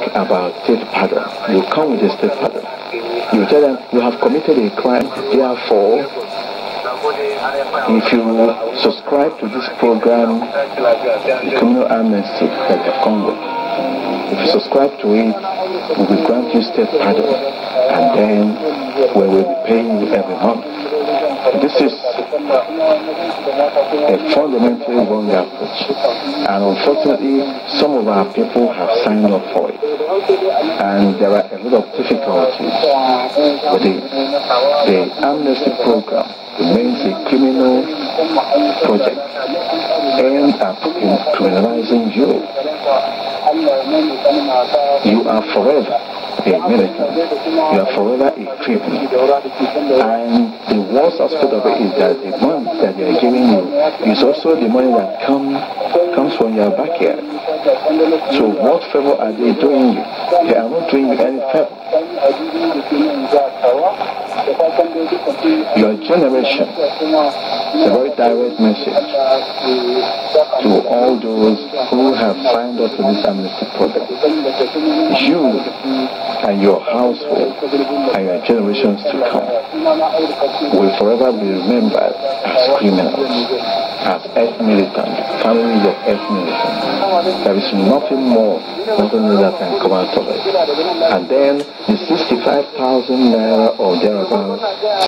think about safe pardon. You come with a safe pardon. You tell them you have committed a crime, therefore, if you subscribe to this program, the criminal amnesty that they come with, if you subscribe to it, we will grant you state pardon, and then we will be paying you every month. This is a fundamentally wrong approach. And unfortunately, some of our people have signed up for it. And there are a lot of difficulties with it. The amnesty program remains a criminal project aimed at criminalizing you. You are forever a miracle. You are forever a cripple. And the worst aspect of it is that the money that they are giving you is also the money that come, comes from your backyard. So what favor are they doing you? They are not doing you any favor. Your generation is a very direct message to all those who have signed up to this amnesty program. You and your household and your generations to come will forever be remembered as criminals, as ex-militants, families of ex-militants. There is nothing more, nothing that can come out of it. And then the 65,000 naira or thereabouts